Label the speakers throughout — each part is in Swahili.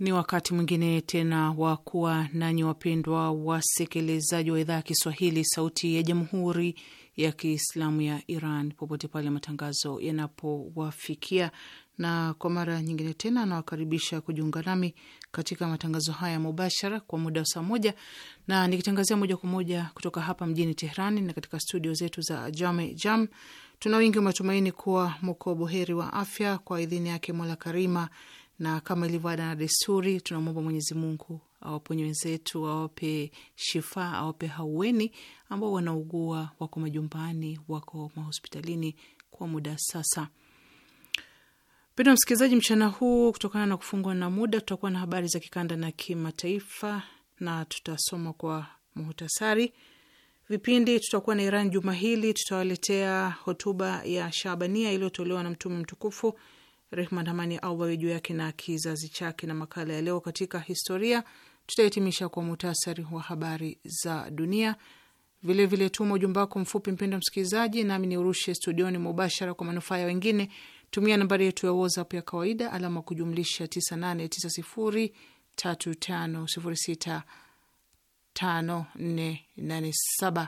Speaker 1: Ni wakati mwingine tena wa kuwa nanyi wapendwa wasikilizaji wa idhaa ya Kiswahili, sauti ya jamhuri ya kiislamu ya Iran, popote pale matangazo yanapowafikia. Na kwa mara nyingine tena nawakaribisha kujiunga nami katika matangazo haya mubashara kwa muda wa saa moja, na nikitangazia moja kwa moja kutoka hapa mjini Tehrani na katika studio zetu za Jame Jam. Tuna wingi wa matumaini kuwa mko wa afya kwa idhini yake Mola Karima na kama ilivyo ada na desturi, tunamwomba Mwenyezi Mungu awaponye wenzetu, awape shifa, awape haueni ambao wanaugua, wako majumbani, wako mahospitalini kwa muda sasa. Pendo msikilizaji, mchana huu, kutokana na kufungwa na muda, tutakuwa na habari za kikanda na kimataifa na tutasoma kwa muhtasari. Vipindi tutakuwa na Iran juma hili, tutawaletea hotuba ya Shabania iliyotolewa na Mtume mtukufu Rehma Damani Aubari juu yake na kizazi chake, na makala ya leo katika historia. Tutahitimisha kwa muhtasari wa habari za dunia. Vilevile vile tuma ujumbe wako mfupi, mpendo msikilizaji, nami ni urushe studioni mubashara kwa manufaa ya wengine. Tumia nambari yetu ya WhatsApp ya kawaida, alama kujumlisha 989035065487.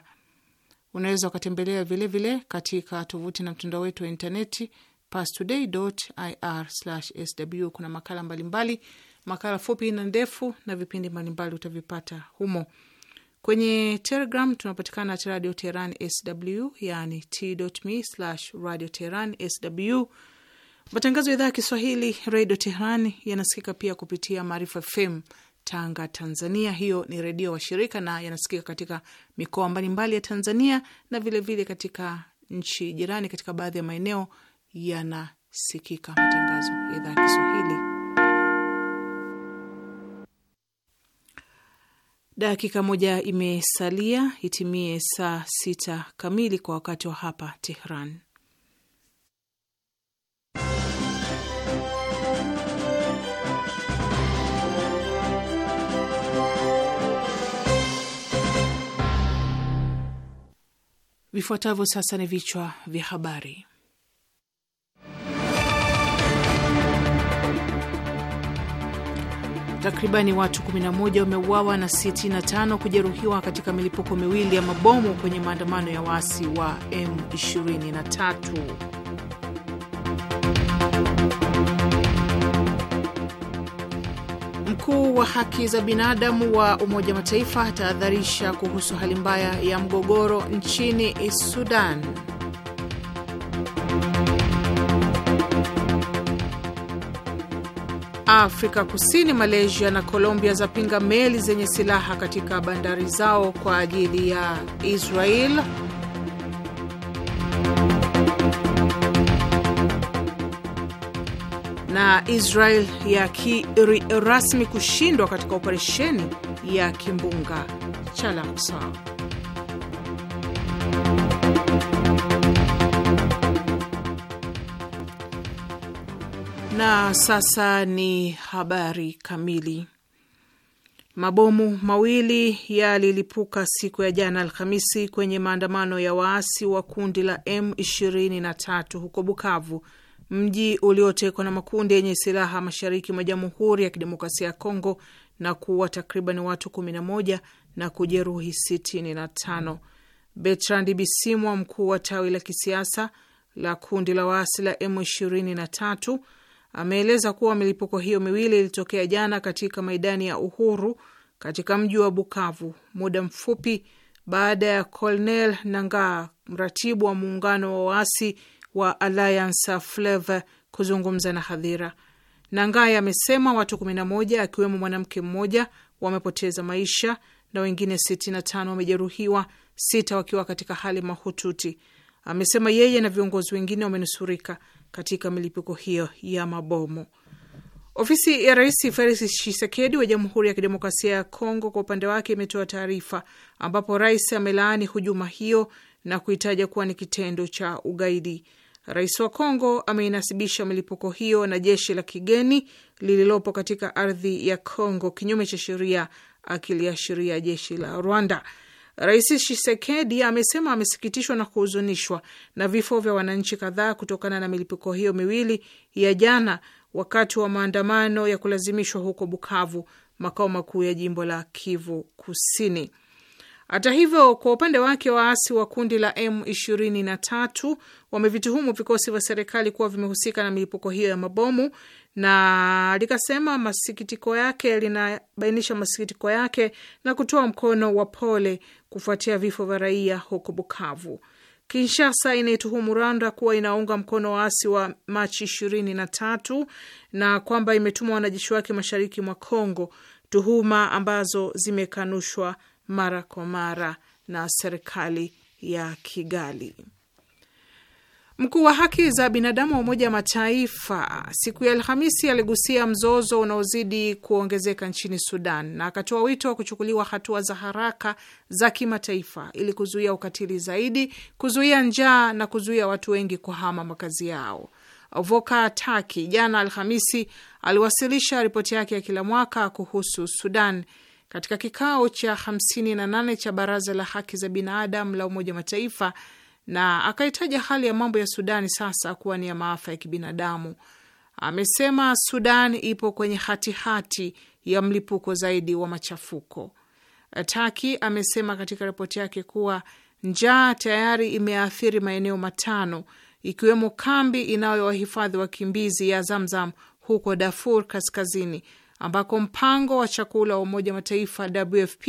Speaker 1: Unaweza ukatembelea vilevile katika tovuti na mtandao wetu wa intaneti pastoday.ir/sw. Kuna makala mbalimbali mbali, makala fupi na ndefu na vipindi mbalimbali utavipata humo. Kwenye Telegram tunapatikana Radio Teheran SW, yani t.me/radio teheran sw. Matangazo ya idhaa ya Kiswahili Redio Teheran yanasikika pia kupitia Maarifa FM Tanga, Tanzania. Hiyo ni redio washirika na yanasikika katika mikoa mbalimbali ya Tanzania na vilevile vile katika nchi jirani katika baadhi ya maeneo yanasikika matangazo ya idhaa ya Kiswahili. Dakika moja imesalia itimie saa sita kamili kwa wakati wa hapa Tehran. Vifuatavyo sasa ni vichwa vya habari. takribani watu 11 wameuawa na 65 kujeruhiwa katika milipuko miwili ya mabomu kwenye maandamano ya waasi wa M23. Mkuu wa haki za binadamu wa Umoja Mataifa atahadharisha kuhusu hali mbaya ya mgogoro nchini Sudan. Afrika Kusini, Malaysia na Colombia zapinga meli zenye silaha katika bandari zao kwa ajili ya Israel. Na Israel yakiri rasmi kushindwa katika operesheni ya kimbunga cha Al-Aqsa. Na sasa ni habari kamili. Mabomu mawili yalilipuka siku ya jana Alhamisi kwenye maandamano ya waasi wa kundi la M23 huko Bukavu, mji uliotekwa na makundi yenye silaha mashariki mwa Jamhuri ya Kidemokrasia ya Kongo na kuua takriban watu 11 na kujeruhi 65. Bertrand Bisimwa, mkuu wa tawi la kisiasa la kundi la waasi la M23 ameeleza kuwa milipuko hiyo miwili ilitokea jana katika maidani ya Uhuru katika mji wa Bukavu, muda mfupi baada ya Colonel Nangaa, mratibu wa muungano wa waasi wa Alliance Fleuve, kuzungumza na hadhira. Nangaa amesema watu 11 akiwemo mwanamke mmoja wamepoteza maisha na wengine 65 wamejeruhiwa, sita wakiwa katika hali mahututi. Amesema yeye na viongozi wengine wamenusurika katika milipuko hiyo ya mabomu. Ofisi ya Rais Felix Tshisekedi wa Jamhuri ya Kidemokrasia ya Kongo kwa upande wake imetoa taarifa ambapo rais amelaani hujuma hiyo na kuitaja kuwa ni kitendo cha ugaidi. Rais wa Kongo ameinasibisha milipuko hiyo na jeshi la kigeni lililopo katika ardhi ya Kongo kinyume cha sheria, akiliashiria jeshi la Rwanda. Rais Tshisekedi amesema amesikitishwa na kuhuzunishwa na vifo vya wananchi kadhaa kutokana na milipuko hiyo miwili ya jana wakati wa maandamano ya kulazimishwa huko Bukavu, makao makuu ya jimbo la Kivu Kusini. Hata hivyo, kwa upande wake, waasi wa kundi la M23 wamevituhumu vikosi vya serikali kuwa vimehusika na milipuko hiyo ya mabomu, na likasema masikitiko yake, linabainisha masikitiko yake na kutoa mkono wa pole kufuatia vifo vya raia huko Bukavu. Kinshasa inaituhumu Rwanda kuwa inaunga mkono waasi wa Machi ishirini na tatu na kwamba imetuma wanajeshi wake mashariki mwa congo tuhuma ambazo zimekanushwa mara kwa mara na serikali ya Kigali. Mkuu wa haki za binadamu wa Umoja wa Mataifa siku ya Alhamisi aligusia mzozo unaozidi kuongezeka nchini Sudan na akatoa wito wa kuchukuliwa hatua za haraka za kimataifa ili kuzuia ukatili zaidi, kuzuia njaa na kuzuia watu wengi kuhama makazi yao. Voka Taki jana Alhamisi aliwasilisha ripoti yake ya kila mwaka kuhusu Sudan katika kikao cha 58 cha Baraza la Haki za Binadamu la Umoja wa Mataifa na akaitaja hali ya mambo ya Sudani sasa kuwa ni ya maafa ya kibinadamu. Amesema Sudan ipo kwenye hatihati hati ya mlipuko zaidi wa machafuko. Taki amesema katika ripoti yake kuwa njaa tayari imeathiri maeneo matano ikiwemo kambi inayowahifadhi wakimbizi ya Zamzam huko Darfur kaskazini ambako mpango wa chakula wa Umoja wa Mataifa WFP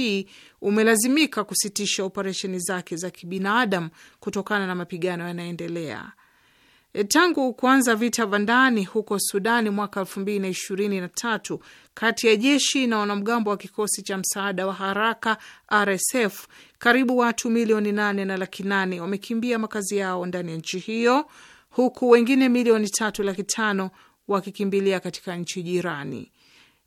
Speaker 1: umelazimika kusitisha operesheni zake za kibinadamu kutokana na mapigano yanayoendelea e, tangu kuanza vita vya ndani huko Sudani mwaka elfu mbili na ishirini na tatu kati ya jeshi na wanamgambo wa kikosi cha msaada wa haraka RSF, karibu watu milioni nane na laki nane wamekimbia makazi yao ndani ya nchi hiyo, huku wengine milioni tatu laki tano wakikimbilia katika nchi jirani.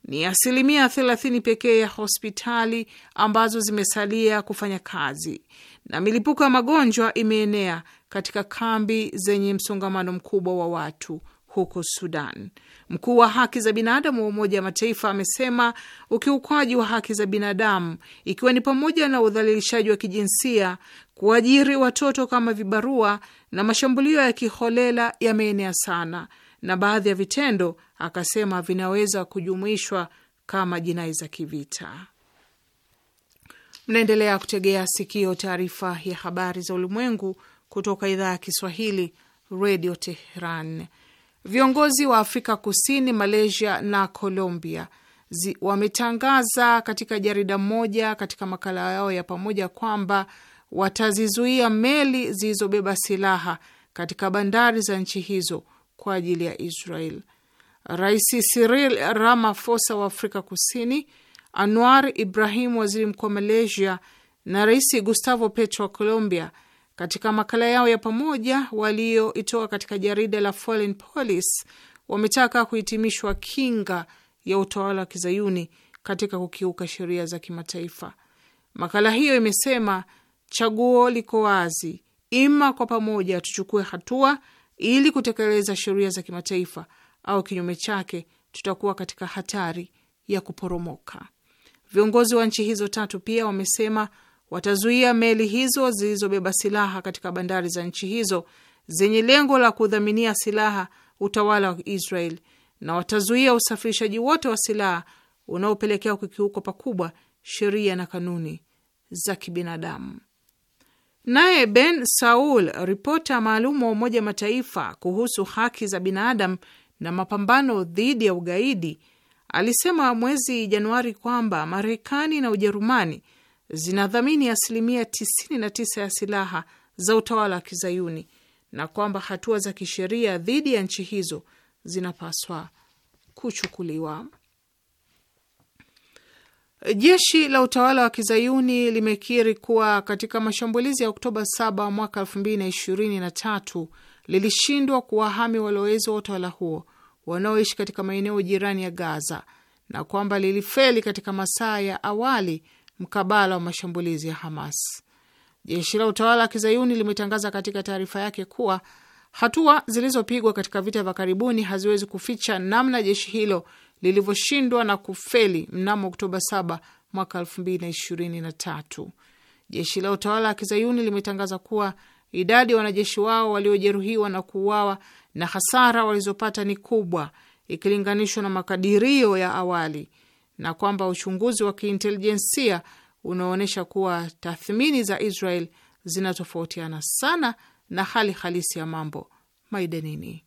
Speaker 1: Ni asilimia 30 pekee ya hospitali ambazo zimesalia kufanya kazi, na milipuko ya magonjwa imeenea katika kambi zenye msongamano mkubwa wa watu huko Sudan. Mkuu wa haki za binadamu wa Umoja wa Mataifa amesema ukiukwaji wa haki za binadamu, ikiwa ni pamoja na udhalilishaji wa kijinsia, kuajiri watoto kama vibarua na mashambulio ya kiholela yameenea sana na baadhi ya vitendo akasema vinaweza kujumuishwa kama jinai za kivita. Mnaendelea kutegea sikio taarifa ya habari za ulimwengu kutoka idhaa ya Kiswahili, Radio Tehran. Viongozi wa Afrika Kusini, Malaysia na Colombia wametangaza katika jarida moja katika makala yao ya pamoja kwamba watazizuia meli zilizobeba silaha katika bandari za nchi hizo kwa ajili ya Israel. Rais Cyril Ramaphosa wa Afrika Kusini, Anwar Ibrahim waziri mkuu wa Malaysia na Rais Gustavo Petro wa Colombia, katika makala yao ya pamoja walioitoa katika jarida la Foreign Policy, wametaka kuhitimishwa kinga ya utawala wa kizayuni katika kukiuka sheria za kimataifa. Makala hiyo imesema chaguo liko wazi, ima kwa pamoja tuchukue hatua ili kutekeleza sheria za kimataifa, au kinyume chake tutakuwa katika hatari ya kuporomoka. Viongozi wa nchi hizo tatu pia wamesema watazuia meli hizo zilizobeba silaha katika bandari za nchi hizo zenye lengo la kudhaminia silaha utawala wa Israel na watazuia usafirishaji wote wa silaha unaopelekea kukiuko pakubwa sheria na kanuni za kibinadamu. Naye Ben Saul, ripota maalum wa Umoja Mataifa kuhusu haki za binadamu na mapambano dhidi ya ugaidi, alisema mwezi Januari kwamba Marekani na Ujerumani zinadhamini asilimia 99 ya silaha za utawala wa kizayuni na kwamba hatua za kisheria dhidi ya nchi hizo zinapaswa kuchukuliwa. Jeshi la utawala wa kizayuni limekiri kuwa katika mashambulizi ya Oktoba 7 mwaka 2023 lilishindwa kuwahami walowezi wa utawala huo wanaoishi katika maeneo jirani ya Gaza na kwamba lilifeli katika masaa ya awali mkabala wa mashambulizi ya Hamas. Jeshi la utawala wa kizayuni limetangaza katika taarifa yake kuwa hatua zilizopigwa katika vita vya karibuni haziwezi kuficha namna jeshi hilo lilivyoshindwa na kufeli mnamo Oktoba 7 mwaka 2023. Jeshi la utawala wa kizayuni limetangaza kuwa idadi ya wanajeshi wao waliojeruhiwa na kuuawa na hasara walizopata ni kubwa ikilinganishwa na makadirio ya awali na kwamba uchunguzi wa kiintelijensia unaonyesha kuwa tathmini za Israel zinatofautiana sana na hali halisi ya mambo maidanini.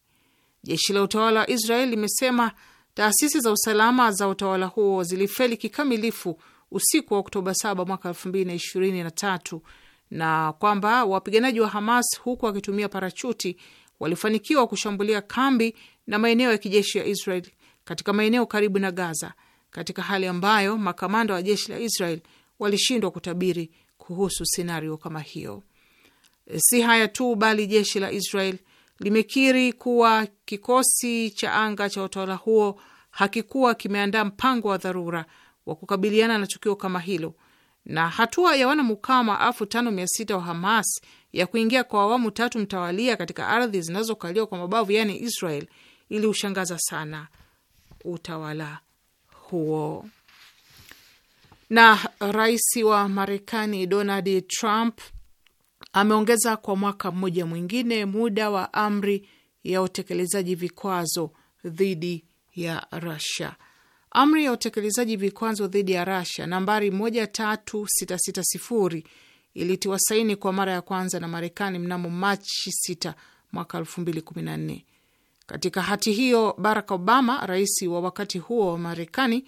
Speaker 1: Jeshi la utawala wa Israel limesema Taasisi za usalama za utawala huo zilifeli kikamilifu usiku wa Oktoba 7 mwaka 2023 na kwamba wapiganaji wa Hamas huku wakitumia parachuti walifanikiwa kushambulia kambi na maeneo ya kijeshi ya Israel katika maeneo karibu na Gaza, katika hali ambayo makamanda wa jeshi la Israel walishindwa kutabiri kuhusu sinario kama hiyo. Si haya tu, bali jeshi la Israel limekiri kuwa kikosi cha anga cha utawala huo hakikuwa kimeandaa mpango wa dharura wa kukabiliana na tukio kama hilo, na hatua ya wanamukama elfu tano mia sita wa Hamas ya kuingia kwa awamu tatu mtawalia katika ardhi zinazokaliwa kwa mabavu yaani Israel iliushangaza sana utawala huo. Na rais wa Marekani Donald Trump Ameongeza kwa mwaka mmoja mwingine muda wa amri ya utekelezaji vikwazo dhidi ya rasia Amri ya utekelezaji vikwazo dhidi ya Russia nambari 13660 ilitiwa saini kwa mara ya kwanza na Marekani mnamo Machi 6 mwaka 2014. Katika hati hiyo, Barack Obama, rais wa wakati huo wa Marekani,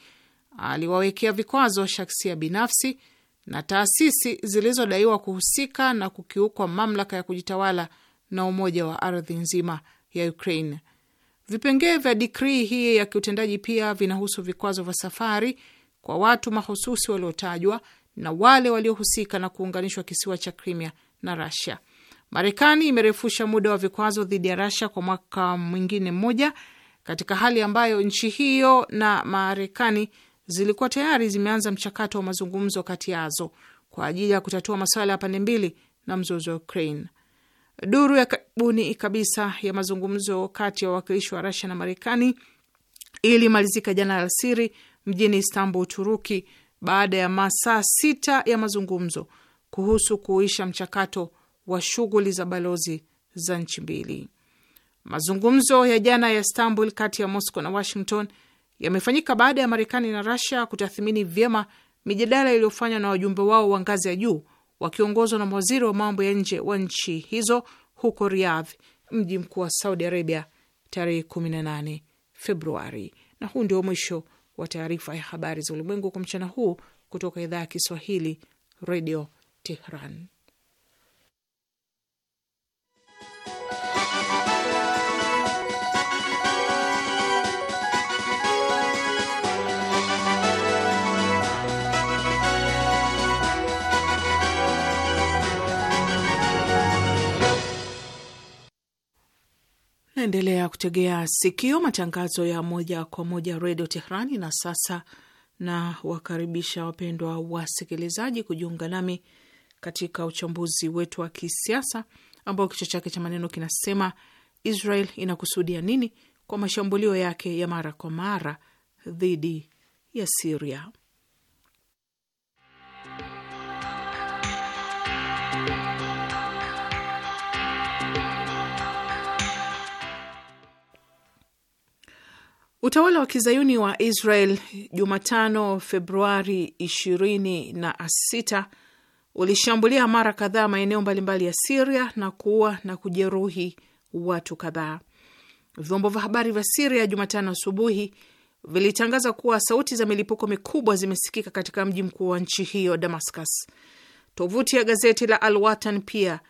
Speaker 1: aliwawekea vikwazo shaksia binafsi na taasisi zilizodaiwa kuhusika na kukiukwa mamlaka ya kujitawala na umoja wa ardhi nzima ya Ukraine. Vipengee vya dikrii hii ya kiutendaji pia vinahusu vikwazo vya safari kwa watu mahususi waliotajwa na wale waliohusika na kuunganishwa kisiwa cha Crimea na Russia. Marekani imerefusha muda wa vikwazo dhidi ya Russia kwa mwaka mwingine mmoja, katika hali ambayo nchi hiyo na Marekani zilikuwa tayari zimeanza mchakato wa mazungumzo kati yazo kwa ajili ya kutatua masuala ya pande mbili na mzozo wa Ukraine. Duru ya karibuni kabisa ya mazungumzo kati ya wawakilishi wa Rasia na Marekani ilimalizika jana alasiri mjini Istanbul, Uturuki, baada ya masaa sita ya mazungumzo kuhusu kuisha mchakato wa shughuli za balozi za nchi mbili. Mazungumzo ya jana ya Istanbul kati ya Moscow na Washington yamefanyika baada ya Marekani na Rasia kutathimini vyema mijadala iliyofanywa na wajumbe wao wa ngazi ya juu wakiongozwa na mawaziri wa mambo ya nje wa nchi hizo huko Riyadh, mji mkuu wa Saudi Arabia, tarehe 18 Februari. Na huu ndio mwisho wa taarifa ya habari za ulimwengu kwa mchana huu kutoka idhaa ya Kiswahili, Redio Tehran. Mnaendelea kutegea sikio matangazo ya moja kwa moja redio Tehrani. Na sasa na wakaribisha wapendwa wasikilizaji kujiunga nami katika uchambuzi wetu wa kisiasa ambao kichwa chake cha maneno kinasema Israel inakusudia nini kwa mashambulio yake ya mara kwa mara dhidi ya Siria. Utawala wa kizayuni wa Israel Jumatano Februari 26 ulishambulia mara kadhaa maeneo mbalimbali ya Siria na kuua na kujeruhi watu kadhaa. Vyombo vya habari vya Siria Jumatano asubuhi vilitangaza kuwa sauti za milipuko mikubwa zimesikika katika mji mkuu wa nchi hiyo Damascus. Tovuti ya gazeti la Al Watan pia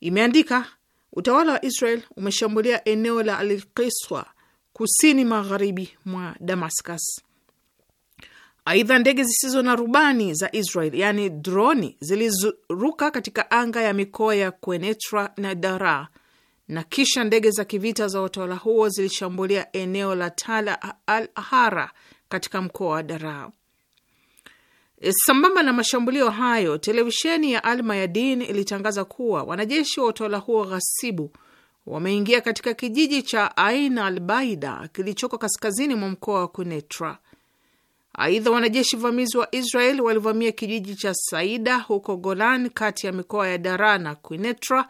Speaker 1: imeandika utawala wa Israel umeshambulia eneo la Al Qiswa kusini magharibi mwa Damascus. Aidha, ndege zisizo na rubani za Israel yaani droni zilizoruka katika anga ya mikoa ya Quneitra na Dara, na kisha ndege za kivita za utawala huo zilishambulia eneo la Tala al Hara katika mkoa wa Dara. E, sambamba na mashambulio hayo, televisheni ya Al Mayadin ilitangaza kuwa wanajeshi wa utawala huo ghasibu wameingia katika kijiji cha Ain al Baida kilichoko kaskazini mwa mkoa wa Kunetra. Aidha, wanajeshi vamizi wa Israel walivamia kijiji cha Saida huko Golan, kati ya mikoa ya Dara na Kunetra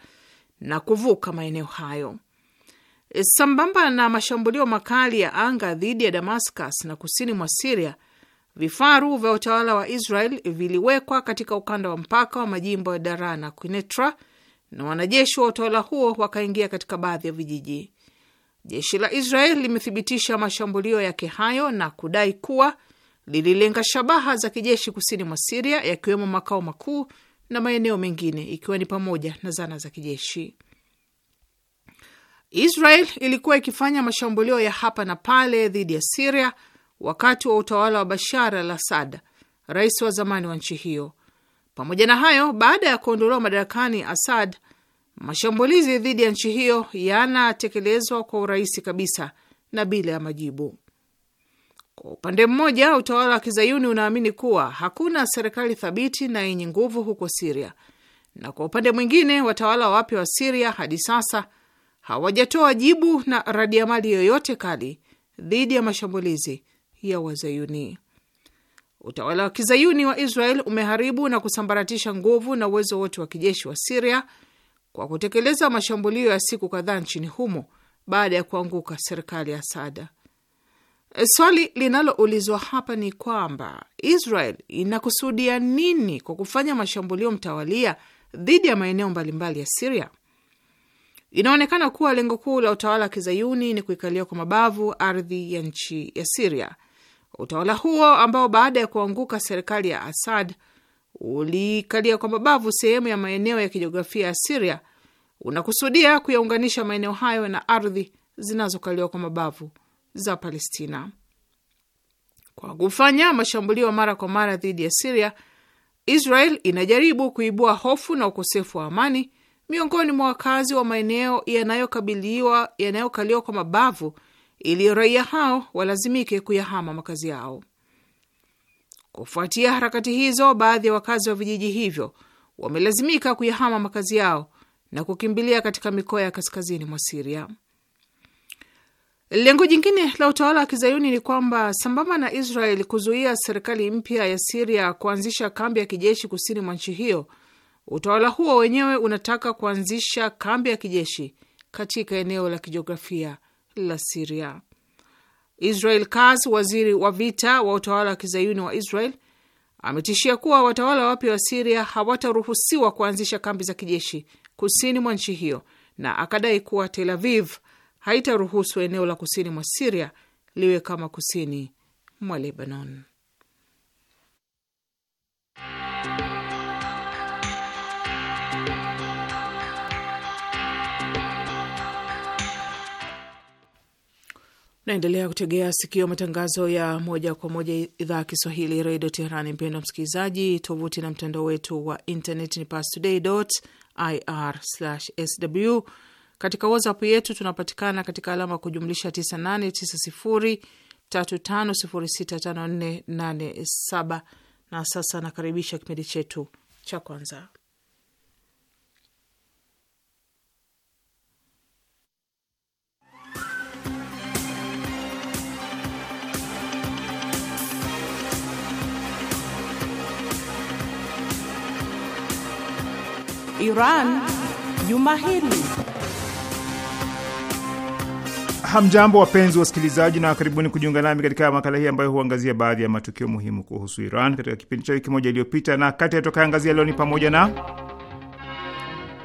Speaker 1: na kuvuka maeneo hayo. E, sambamba na mashambulio makali ya anga dhidi ya Damascus na kusini mwa Siria, vifaru vya utawala wa Israel viliwekwa katika ukanda wa mpaka wa majimbo ya Dara na Kunetra na wanajeshi wa utawala huo wakaingia katika baadhi ya vijiji. Jeshi la israel limethibitisha mashambulio yake hayo na kudai kuwa lililenga shabaha za kijeshi kusini mwa Siria, yakiwemo makao makuu na maeneo mengine, ikiwa ni pamoja na zana za kijeshi. Israel ilikuwa ikifanya mashambulio ya hapa na pale dhidi ya Siria wakati wa utawala wa Bashar al Asad, rais wa zamani wa nchi hiyo, pamoja na hayo, baada ya kuondolewa madarakani Assad, mashambulizi dhidi ya nchi hiyo yanatekelezwa kwa urahisi kabisa na bila ya majibu. Kwa upande mmoja, utawala wa kizayuni unaamini kuwa hakuna serikali thabiti na yenye nguvu huko Siria, na kwa upande mwingine, watawala wapya wa Siria hadi sasa hawajatoa jibu na radiamali yoyote kali dhidi ya mashambulizi ya Wazayuni. Utawala wa kizayuni wa Israel umeharibu na kusambaratisha nguvu na uwezo wote wa kijeshi wa Siria kwa kutekeleza mashambulio ya siku kadhaa nchini humo baada ya kuanguka serikali ya Sada. Eh, swali linaloulizwa hapa ni kwamba Israel inakusudia nini kwa kufanya mashambulio mtawalia dhidi ya maeneo mbalimbali ya Siria? Inaonekana kuwa lengo kuu la utawala wa kizayuni ni kuikalia kwa mabavu ardhi ya nchi ya Siria Utawala huo ambao baada ya kuanguka serikali ya Assad ulikalia kwa mabavu sehemu ya maeneo ya kijiografia ya Siria unakusudia kuyaunganisha maeneo hayo na ardhi zinazokaliwa kwa mabavu za Palestina. Kwa kufanya mashambulio mara kwa mara dhidi ya Siria, Israel inajaribu kuibua hofu na ukosefu wa amani miongoni mwa wakazi wa maeneo yanayokabiliwa yanayokaliwa kwa mabavu ili raia hao walazimike kuyahama makazi yao. Kufuatia harakati hizo, baadhi ya wakazi wa vijiji hivyo wamelazimika kuyahama makazi yao na kukimbilia katika mikoa ya kaskazini mwa Siria. Lengo jingine la utawala wa kizayuni ni kwamba sambamba na Israel kuzuia serikali mpya ya Siria kuanzisha kambi ya kijeshi kusini mwa nchi hiyo, utawala huo wenyewe unataka kuanzisha kambi ya kijeshi katika eneo la kijiografia la Siria. Israel Katz, waziri wa vita wa utawala wa kizayuni wa Israel, ametishia kuwa watawala wapya wa Siria hawataruhusiwa kuanzisha kambi za kijeshi kusini mwa nchi hiyo, na akadai kuwa Tel Aviv haitaruhusu eneo la kusini mwa Siria liwe kama kusini mwa Lebanon. Naendelea kutegea sikio matangazo ya moja kwa moja idhaa ya Kiswahili redio Teherani. Mpendo msikilizaji, tovuti na mtandao wetu wa internet ni pastoday.ir/sw. Katika WhatsApp yetu tunapatikana katika alama ya kujumlisha 989035065487. Na sasa nakaribisha kipindi chetu cha kwanza Iran juma hili.
Speaker 2: Hamjambo, wapenzi wasikilizaji, na karibuni kujiunga nami katika makala hii ambayo huangazia baadhi ya matukio muhimu kuhusu Iran katika kipindi cha wiki moja iliyopita, na kati yatokaangazia leo ni pamoja na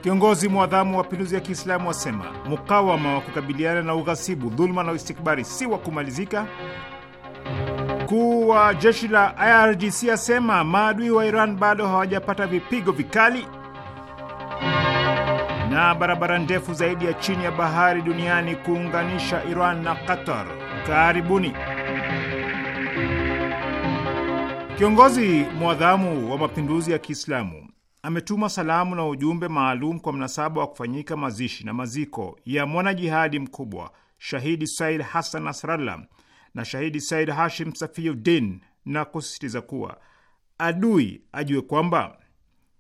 Speaker 2: Kiongozi mwadhamu wa mapinduzi ya Kiislamu wasema mukawama wa kukabiliana na ughasibu, dhuluma na istikbari si wa kumalizika. Mkuu wa jeshi la IRGC asema maadui wa Iran bado hawajapata vipigo vikali, na barabara ndefu zaidi ya chini ya bahari duniani kuunganisha Iran na Qatar. Karibuni. Kiongozi mwadhamu wa mapinduzi ya Kiislamu ametuma salamu na ujumbe maalum kwa mnasaba wa kufanyika mazishi na maziko ya mwanajihadi mkubwa shahidi Said Hassan Nasrallah na shahidi Said Hashim Safiuddin na kusisitiza kuwa adui ajue kwamba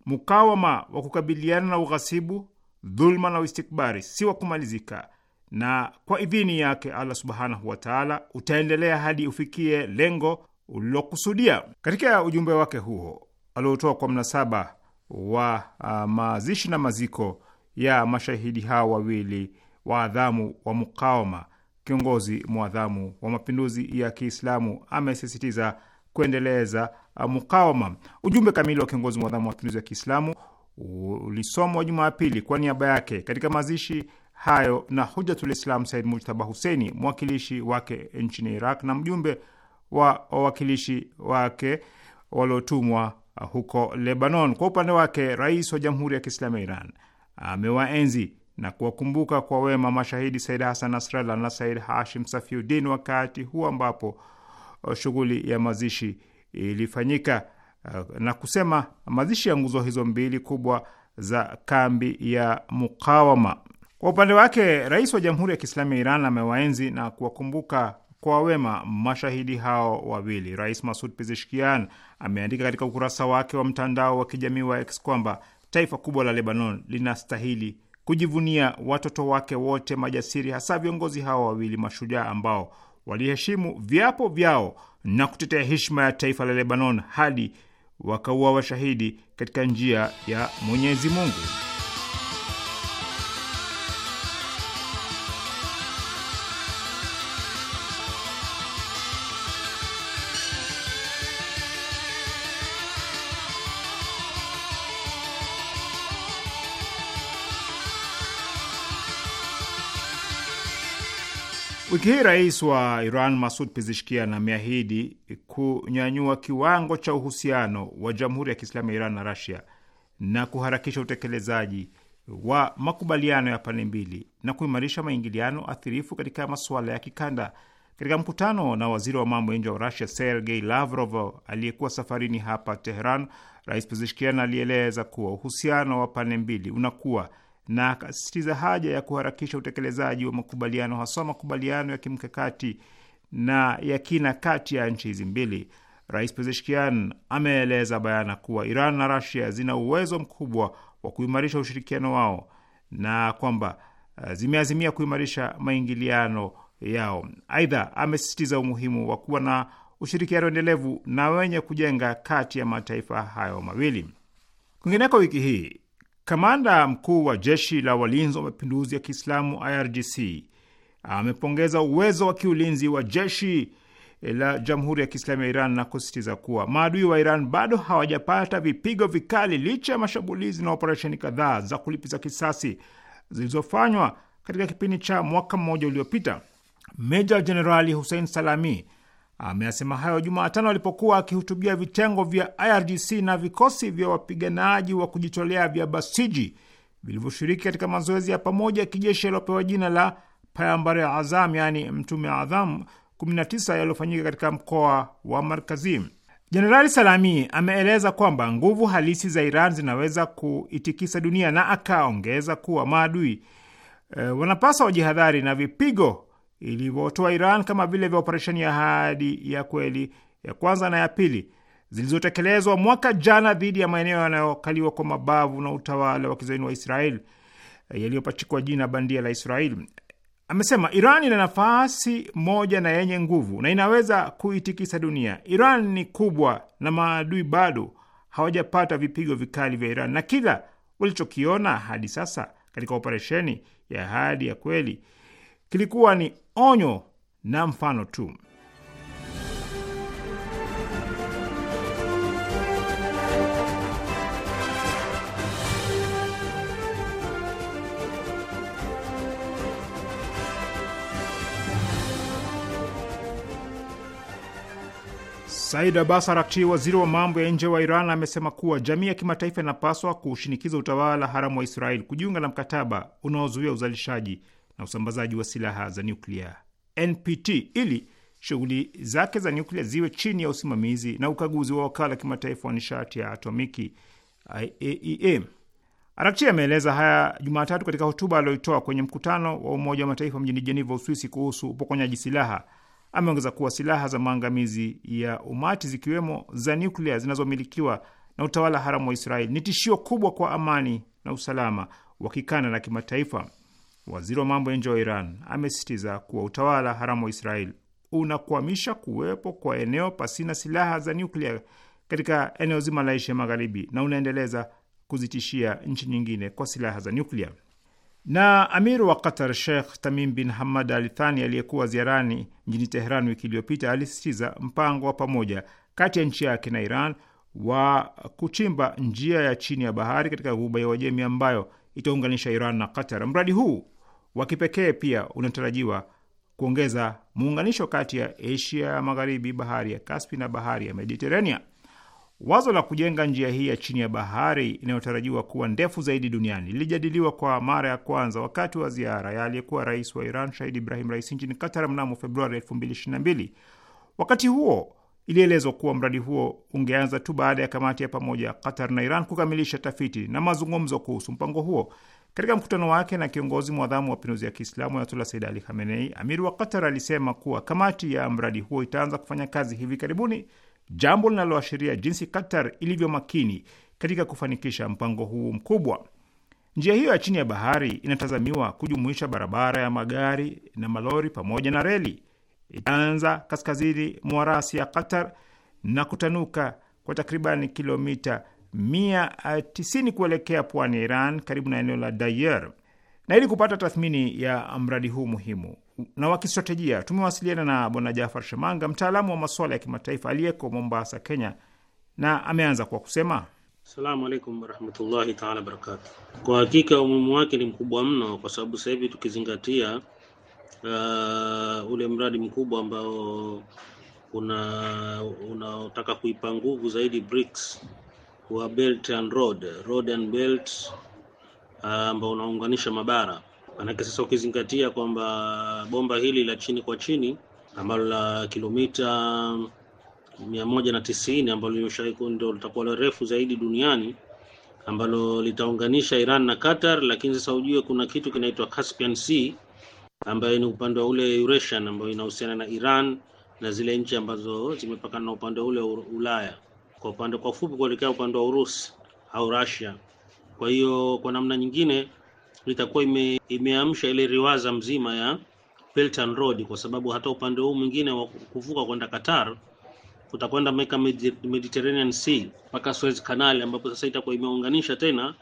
Speaker 2: mukawama wa kukabiliana na ughasibu, dhulma na uistikbari si wa kumalizika, na kwa idhini yake Allah subhanahu wa taala utaendelea hadi ufikie lengo ulilokusudia. Katika ujumbe wake huo aliotoa kwa mnasaba wa uh, mazishi na maziko ya mashahidi hao wawili waadhamu wa mukawama, kiongozi mwadhamu wa mapinduzi ya Kiislamu amesisitiza kuendeleza Uh, mukawama. Ujumbe kamili wa kiongozi mwadhamu wa mapinduzi ya Kiislamu ulisomwa Jumapili kwa niaba yake katika mazishi hayo na Hujatul Islam Said Mujtaba Husseini, mwakilishi wake nchini Iraq na mjumbe wa wawakilishi wake waliotumwa uh, huko Lebanon. Kwa upande wake, rais wa Jamhuri ya Kiislamu ya Iran amewaenzi na kuwakumbuka kwa wema mashahidi Said Hasan Nasrallah na Said Hashim Safiuddin, wakati huu ambapo uh, shughuli ya mazishi ilifanyika uh, na kusema mazishi ya nguzo hizo mbili kubwa za kambi ya mukawama. Kwa upande wake, rais wa Jamhuri ya Kiislamu ya Iran amewaenzi na kuwakumbuka kwa wema mashahidi hao wawili. Rais Masud pizishkian ameandika katika ukurasa wake wa mtandao wa kijamii wa X kwamba taifa kubwa la Lebanon linastahili kujivunia watoto wake wote majasiri, hasa viongozi hao wawili mashujaa ambao waliheshimu viapo vyao na kutetea heshima ya taifa la Lebanon hadi wakauawa washahidi katika njia ya Mwenyezi Mungu. Wiki hii rais wa Iran Masud pizishkian ameahidi kunyanyua kiwango cha uhusiano wa Jamhuri ya Kiislamu ya Iran na Rasia na kuharakisha utekelezaji wa makubaliano ya pande mbili na kuimarisha maingiliano athirifu katika masuala ya kikanda. Katika mkutano na waziri wa mambo ya nje wa Rusia Sergei Lavrov aliyekuwa safarini hapa Teheran, rais Pezeshkian alieleza kuwa uhusiano wa pande mbili unakuwa na akasisitiza haja ya kuharakisha utekelezaji wa makubaliano, haswa makubaliano ya kimkakati na ya kina kati ya nchi hizi mbili. Rais Pezeshkian ameeleza bayana kuwa Iran na Rasia zina uwezo mkubwa wa kuimarisha ushirikiano wao na kwamba eh, zimeazimia kuimarisha maingiliano yao. Aidha, amesisitiza umuhimu wa kuwa na ushirikiano endelevu na wenye kujenga kati ya mataifa hayo mawili. Kwingineko, wiki hii Kamanda mkuu wa jeshi la walinzi wa mapinduzi ya Kiislamu IRGC amepongeza uwezo wa kiulinzi wa jeshi la Jamhuri ya Kiislamu ya Iran na kusisitiza kuwa maadui wa Iran bado hawajapata vipigo vikali licha ya mashambulizi na operesheni kadhaa za kulipiza kisasi zilizofanywa katika kipindi cha mwaka mmoja uliopita. Meja Jenerali Hussein Salami Ameyasema hayo Jumatano alipokuwa akihutubia vitengo vya IRGC na vikosi vya wapiganaji wa kujitolea vya Basiji vilivyoshiriki katika mazoezi ya pamoja ya kijeshi yaliyopewa jina la Payambare Azam, yaani Mtume Adhamu 19 yaliyofanyika katika mkoa wa markazi Jenerali Salami ameeleza kwamba nguvu halisi za Iran zinaweza kuitikisa dunia na akaongeza kuwa maadui e, wanapaswa wajihadhari na vipigo ilivyotoa Iran kama vile vya operesheni ya Ahadi ya Kweli ya kwanza na ya pili zilizotekelezwa mwaka jana dhidi ya maeneo yanayokaliwa kwa mabavu na utawala wa kizaini wa Israel yaliyopachikwa jina bandia la Israel. Amesema Iran ina nafasi moja na yenye nguvu na inaweza kuitikisa dunia. Iran ni kubwa na maadui bado hawajapata vipigo vikali vya Iran, na kila walichokiona hadi sasa katika operesheni ya Ahadi ya Kweli kilikuwa ni onyo na mfano tu. Said Abbas Arakchi, waziri wa mambo ya nje wa Iran, amesema kuwa jamii ya kimataifa inapaswa kushinikiza utawala haramu wa israel kujiunga na mkataba unaozuia uzalishaji na usambazaji wa silaha za nyuklia NPT ili shughuli zake za nyuklia ziwe chini ya usimamizi na ukaguzi wa wakala kimataifa wa nishati ya atomiki IAEA. E Arakchi ameeleza haya Jumatatu katika hotuba aliyoitoa kwenye mkutano wa Umoja wa Mataifa mjini Jeneva, Uswisi, kuhusu upokonyaji silaha. Ameongeza kuwa silaha za maangamizi ya umati zikiwemo za nyuklia zinazomilikiwa na utawala haramu wa Israeli ni tishio kubwa kwa amani na usalama wa kikanda na kimataifa waziri wa mambo ya nje wa Iran amesisitiza kuwa utawala haramu wa Israel unakwamisha kuwepo kwa eneo pasina silaha za nyuklia katika eneo zima la Asia Magharibi na unaendeleza kuzitishia nchi nyingine kwa silaha za nyuklia. Na amir wa Qatar Sheikh Tamim bin Hamad Al Thani aliyekuwa ziarani mjini Teheran wiki iliyopita alisisitiza mpango wa pamoja kati ya nchi yake na Iran wa kuchimba njia ya chini ya bahari katika ghuba ya Uajemi ambayo itaunganisha Iran na Qatar. Mradi huu wa kipekee pia unatarajiwa kuongeza muunganisho kati ya Asia ya Magharibi, bahari ya Kaspi na bahari ya Mediterania. Wazo la kujenga njia hii ya chini ya bahari inayotarajiwa kuwa ndefu zaidi duniani lilijadiliwa kwa mara ya kwanza wakati wa ziara ya aliyekuwa rais wa Iran Shahid Ibrahim Raisi nchini Qatar mnamo Februari 2022. Wakati huo ilielezwa kuwa mradi huo ungeanza tu baada ya kamati ya pamoja ya Qatar na Iran kukamilisha tafiti na mazungumzo kuhusu mpango huo. Katika mkutano wake na kiongozi mwadhamu wa mapinduzi ya Kiislamu Ayatullah Said Ali Khamenei, amir wa Qatar alisema kuwa kamati ya mradi huo itaanza kufanya kazi hivi karibuni, jambo linaloashiria jinsi Qatar ilivyo makini katika kufanikisha mpango huu mkubwa. Njia hiyo ya chini ya bahari inatazamiwa kujumuisha barabara ya magari na malori pamoja na reli. Itaanza kaskazini mwa rasi ya Qatar na kutanuka kwa takribani kilomita 190 kuelekea pwani ya Iran karibu na eneo la Dayer. Na ili kupata tathmini ya mradi huu muhimu na wa kistratejia, tumewasiliana na Bwana Jafar Shemanga, mtaalamu wa masuala ya kimataifa aliyeko Mombasa, Kenya, na ameanza kwa kusema
Speaker 3: Assalamu alaikum warahmatullahi taala Kwa hakika umuhimu wake ni mkubwa mno, kwa sababu sasa hivi tukizingatia uh, ule mradi mkubwa ambao unaotaka una kuipa nguvu zaidi BRICS wa Belt and Road, Road and Belt ah, ambao unaunganisha mabara. manake sasa ukizingatia kwamba bomba hili la chini kwa chini ambalo la kilomita mia moja na tisini ambalo ndio litakuwa refu zaidi duniani ambalo litaunganisha Iran na Qatar, lakini sasa ujue kuna kitu kinaitwa Caspian Sea ambayo ni upande wa ule Eurasian ambayo inahusiana na Iran na zile nchi ambazo zimepakana na upande ule Ulaya kwa upande kwa ufupi kuelekea upande wa Urusi au Russia. Kwa hiyo kwa namna nyingine litakuwa ime, imeamsha ile riwaza mzima ya Belt and Road, kwa sababu hata upande huu mwingine wa kuvuka kwenda Qatar utakwenda meka Mediterranean Sea mpaka Suez Canal, ambapo sasa itakuwa imeunganisha tena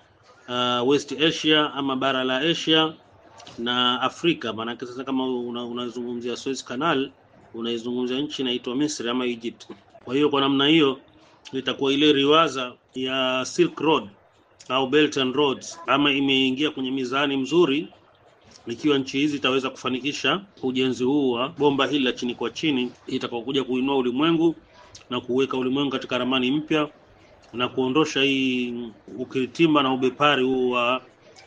Speaker 3: uh, West Asia ama bara la Asia na Afrika. Maanake sasa kama unazungumzia una Suez Canal unaizungumzia nchi inaitwa Misri ama Egypt. Kwa hiyo kwa namna hiyo itakuwa ile riwaza ya Silk Road au Belt and Roads ama imeingia kwenye mizani mzuri ikiwa nchi hizi itaweza kufanikisha ujenzi huu wa bomba hili la chini kwa chini, itakokuja kuinua ulimwengu na kuweka ulimwengu katika ramani mpya na kuondosha hii ukiritimba na ubepari huu wa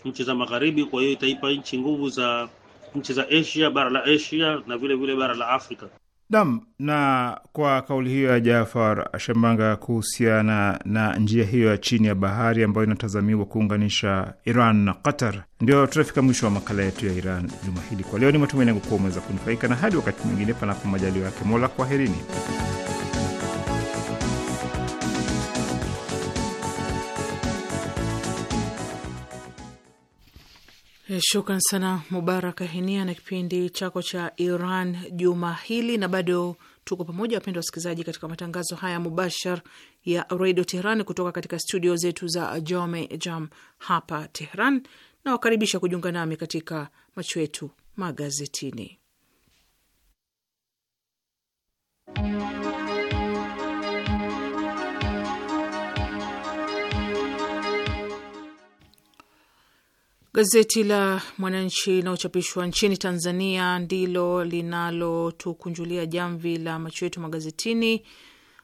Speaker 3: nchi za magharibi. Kwa hiyo itaipa nchi nguvu za nchi za Asia, bara la Asia na vile vile bara la Afrika.
Speaker 2: Nam. Na kwa kauli hiyo ya Jafar Shambanga kuhusiana na njia hiyo ya chini ya bahari ambayo inatazamiwa kuunganisha Iran na Qatar, ndio tutafika mwisho wa makala yetu ya Iran juma hili. Kwa leo, ni matumaini yangu kuwa umeweza kunufaika, na hadi wakati mwingine, panapo majaliwa yake Mola, kwaherini.
Speaker 1: Shukran sana Mubaraka Henia na kipindi chako cha Iran juma hili, na bado tuko pamoja, wapendwa wasikilizaji, katika matangazo haya mubashar ya redio Tehran kutoka katika studio zetu za Jome Jam hapa Tehran, na wakaribisha kujiunga nami katika macho yetu magazetini Gazeti la Mwananchi inayochapishwa nchini Tanzania ndilo linalotukunjulia jamvi la macho yetu magazetini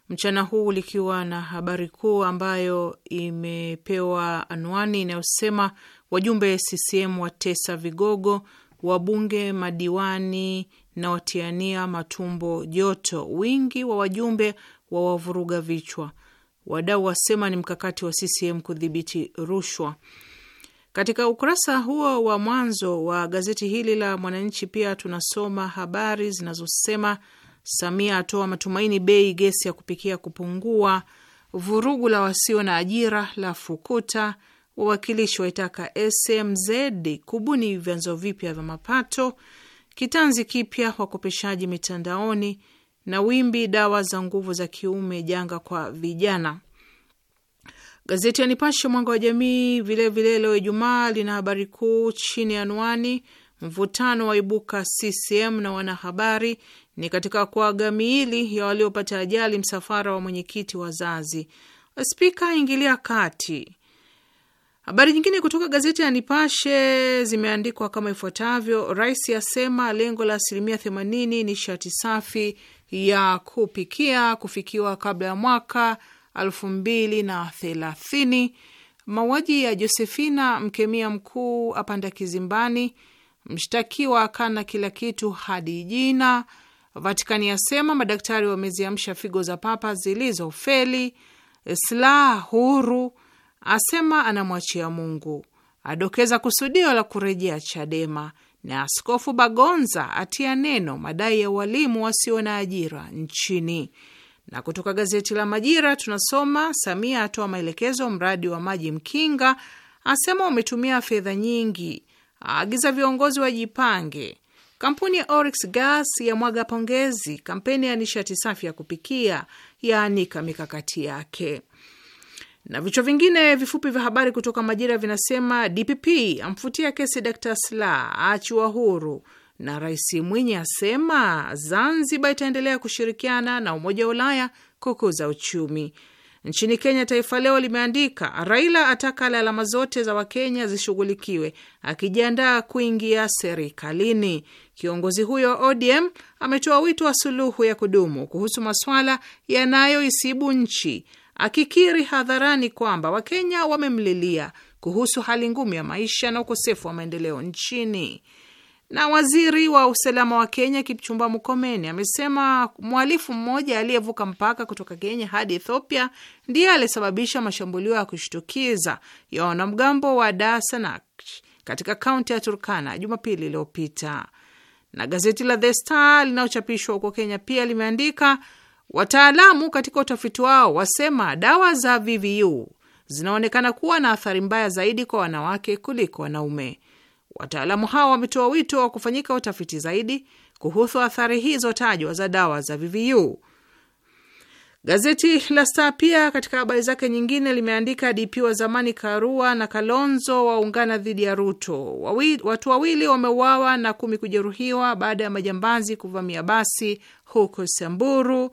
Speaker 1: mchana huu likiwa na habari kuu ambayo imepewa anwani inayosema wajumbe CCM watesa vigogo, wabunge, madiwani na watiania matumbo joto, wingi wa wajumbe wawavuruga vichwa, wadau wasema ni mkakati wa CCM kudhibiti rushwa. Katika ukurasa huo wa mwanzo wa gazeti hili la Mwananchi pia tunasoma habari zinazosema Samia atoa matumaini bei gesi ya kupikia kupungua, vurugu la wasio na ajira la fukuta, wawakilishi waitaka SMZ kubuni vyanzo vipya vya mapato, kitanzi kipya wakopeshaji mitandaoni, na wimbi dawa za nguvu za kiume janga kwa vijana. Gazeti ya Nipashe Mwanga wa Jamii vilevile leo Ijumaa lina habari kuu chini ya anwani mvutano waibuka CCM na wanahabari ni katika kuaga miili ya waliopata ajali msafara wa mwenyekiti wazazi, spika ingilia kati. Habari nyingine kutoka gazeti ya Nipashe zimeandikwa kama ifuatavyo: Rais asema lengo la asilimia 80 ni shati safi ya kupikia kufikiwa kabla ya mwaka elfu mbili na thelathini, mauaji ya Josefina mkemia mkuu apanda kizimbani, mshtakiwa akana kila kitu hadi jina, Vatikani yasema madaktari wameziamsha figo za papa zilizofeli, sla huru asema anamwachia Mungu, adokeza kusudio la kurejea Chadema na Askofu Bagonza atia neno madai ya walimu wasio na ajira nchini. Na kutoka gazeti la Majira tunasoma Samia atoa maelekezo mradi wa maji Mkinga, asema umetumia fedha nyingi, aagiza viongozi wajipange. Kampuni ya Oryx Gas ya mwaga pongezi kampeni ya nishati safi ya kupikia yaanika mikakati yake. Na vichwa vingine vifupi vya habari kutoka Majira vinasema: DPP amfutia kesi Dr sla aachiwa huru na Rais Mwinyi asema Zanzibar itaendelea kushirikiana na Umoja wa Ulaya kukuza uchumi. Nchini Kenya, Taifa Leo limeandika Raila ataka lalama zote za Wakenya zishughulikiwe akijiandaa kuingia serikalini. Kiongozi huyo ODM ametoa wito wa suluhu ya kudumu kuhusu masuala yanayoisibu nchi, akikiri hadharani kwamba Wakenya wamemlilia kuhusu hali ngumu ya maisha na ukosefu wa maendeleo nchini. Na waziri wa usalama wa Kenya Kipchumba Mukomeni amesema mhalifu mmoja aliyevuka mpaka kutoka Kenya hadi Ethiopia ndiye alisababisha mashambulio ya kushtukiza ya wanamgambo wa Dasanakh katika kaunti ya Turkana Jumapili iliyopita. Na gazeti la The Star linalochapishwa huko Kenya pia limeandika wataalamu katika utafiti wao wasema dawa za VVU zinaonekana kuwa na athari mbaya zaidi kwa wanawake kuliko wanaume. Wataalamu hao wametoa wito wa kufanyika utafiti zaidi kuhusu athari hizo tajwa za dawa za VVU. Gazeti la Star pia katika habari zake nyingine limeandika DP wa zamani Karua na Kalonzo waungana dhidi ya Ruto. Wawi, watu wawili wameuawa na kumi kujeruhiwa baada ya majambazi kuvamia basi huko Samburu.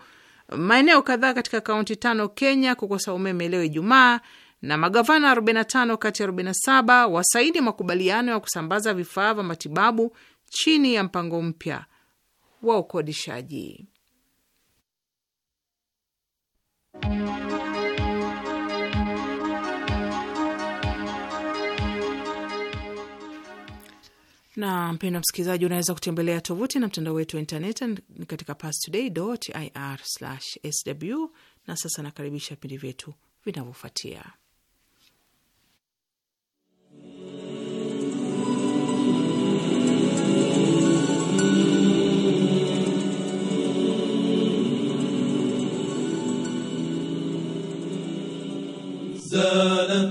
Speaker 1: Maeneo kadhaa katika kaunti tano Kenya kukosa umeme leo Ijumaa na magavana 45 kati ya 47 wasaini makubaliano ya kusambaza vifaa vya matibabu chini ya mpango mpya wa ukodishaji. na mpendo msikilizaji, unaweza kutembelea tovuti na mtandao wetu wa intaneti katika pastoday.ir/sw. Na sasa nakaribisha vipindi vyetu vinavyofuatia.
Speaker 3: زالا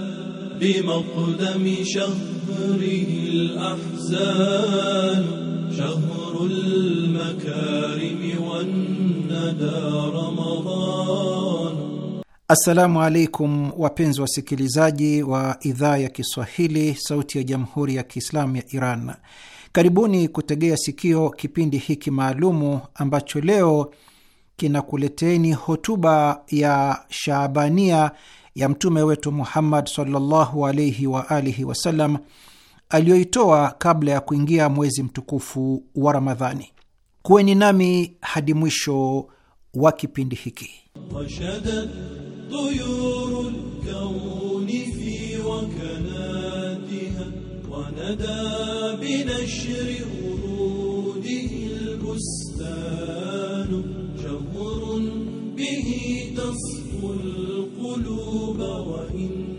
Speaker 3: بمقدم شهره الأحزان شهر المكارم والندى رمضان
Speaker 4: Assalamu alaikum wapenzi wasikilizaji wa idhaa ya Kiswahili sauti ya Jamhuri ya Kiislamu ya Iran. Karibuni kutegea sikio kipindi hiki maalumu ambacho leo kinakuleteni hotuba ya Shaabania ya mtume wetu Muhammad sallallahu alaihi wa alihi wasallam aliyoitoa kabla ya kuingia mwezi mtukufu wa Ramadhani. Kuweni nami hadi mwisho wa kipindi hiki.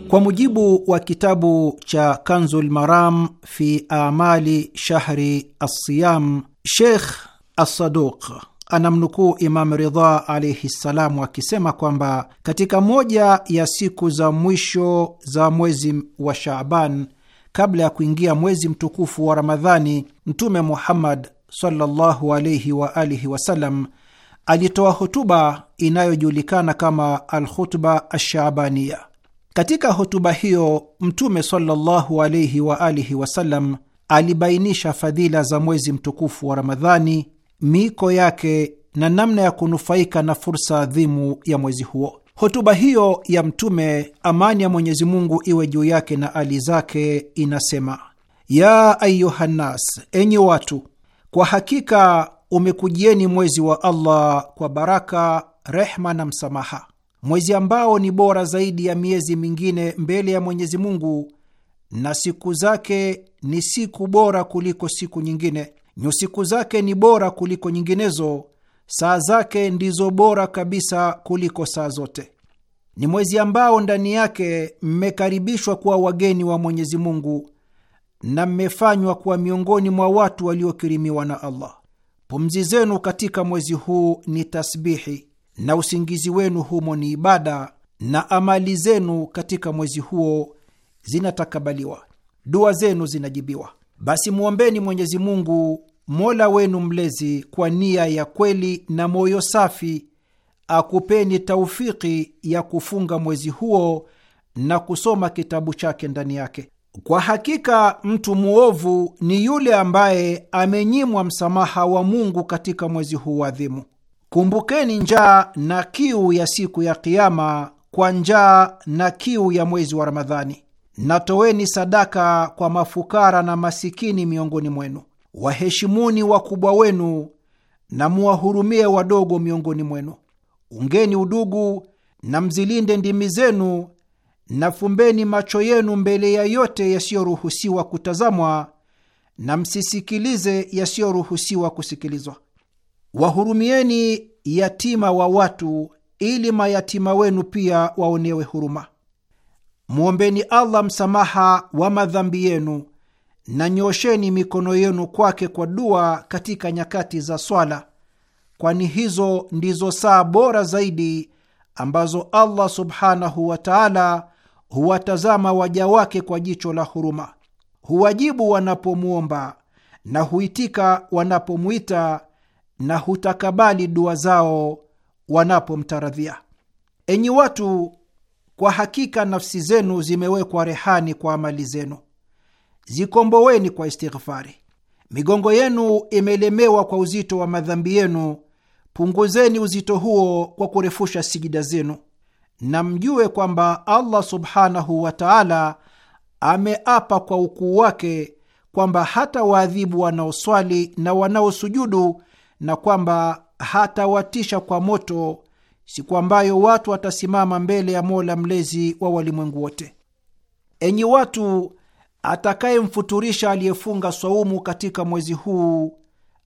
Speaker 4: Kwa mujibu wa kitabu cha Kanzul Maram fi amali shahri assiyam, Sheikh Assaduq anamnukuu Imam Ridha alaihi ssalamu akisema kwamba katika moja ya siku za mwisho za mwezi wa Shaaban kabla ya kuingia mwezi mtukufu wa Ramadhani, Mtume Muhammad sallallahu alaihi alitoa hotuba inayojulikana kama Alkhutba Ashabania. Katika hotuba hiyo Mtume sallallahu wa alihi wasallam alibainisha fadhila za mwezi mtukufu wa Ramadhani, miiko yake na namna ya kunufaika na fursa adhimu ya mwezi huo. Hotuba hiyo ya Mtume, amani ya Mwenyezi Mungu iwe juu yake na ali zake, inasema: ya ayuhannas, enyi watu, kwa hakika umekujieni mwezi wa Allah kwa baraka, rehma na msamaha, mwezi ambao ni bora zaidi ya miezi mingine mbele ya Mwenyezi Mungu, na siku zake ni siku bora kuliko siku nyingine, nyusiku zake ni bora kuliko nyinginezo, saa zake ndizo bora kabisa kuliko saa zote. Ni mwezi ambao ndani yake mmekaribishwa kuwa wageni wa Mwenyezi Mungu na mmefanywa kuwa miongoni mwa watu waliokirimiwa na Allah. Pumzi zenu katika mwezi huu ni tasbihi, na usingizi wenu humo ni ibada, na amali zenu katika mwezi huo zinatakabaliwa, dua zenu zinajibiwa. Basi mwombeni Mwenyezi Mungu mola wenu mlezi kwa nia ya kweli na moyo safi, akupeni taufiki ya kufunga mwezi huo na kusoma kitabu chake ndani yake kwa hakika mtu mwovu ni yule ambaye amenyimwa msamaha wa Mungu katika mwezi huu adhimu. Kumbukeni njaa na kiu ya siku ya Kiama kwa njaa na kiu ya mwezi wa Ramadhani, natoeni sadaka kwa mafukara na masikini miongoni mwenu. Waheshimuni wakubwa wenu na muwahurumie wadogo miongoni mwenu. Ungeni udugu na mzilinde ndimi zenu na fumbeni macho yenu mbele ya yote yasiyoruhusiwa kutazamwa na msisikilize yasiyoruhusiwa kusikilizwa. Wahurumieni yatima wa watu, ili mayatima wenu pia waonewe huruma. Mwombeni Allah msamaha wa madhambi yenu na nyosheni mikono yenu kwake kwa dua katika nyakati za swala, kwani hizo ndizo saa bora zaidi ambazo Allah subhanahu wa taala huwatazama waja wake kwa jicho la huruma, huwajibu wanapomwomba na huitika wanapomwita na hutakabali dua zao wanapomtaradhia. Enyi watu, kwa hakika nafsi zenu zimewekwa rehani kwa amali zenu, zikomboweni kwa istighfari. Migongo yenu imelemewa kwa uzito wa madhambi yenu, punguzeni uzito huo kwa kurefusha sijida zenu na mjue kwamba Allah subhanahu wa taala ameapa kwa ukuu wake kwamba hata waadhibu wanaoswali na wanaosujudu na kwamba hatawatisha kwa moto siku ambayo watu watasimama mbele ya Mola mlezi wa walimwengu wote. Enyi watu, atakayemfuturisha aliyefunga swaumu katika mwezi huu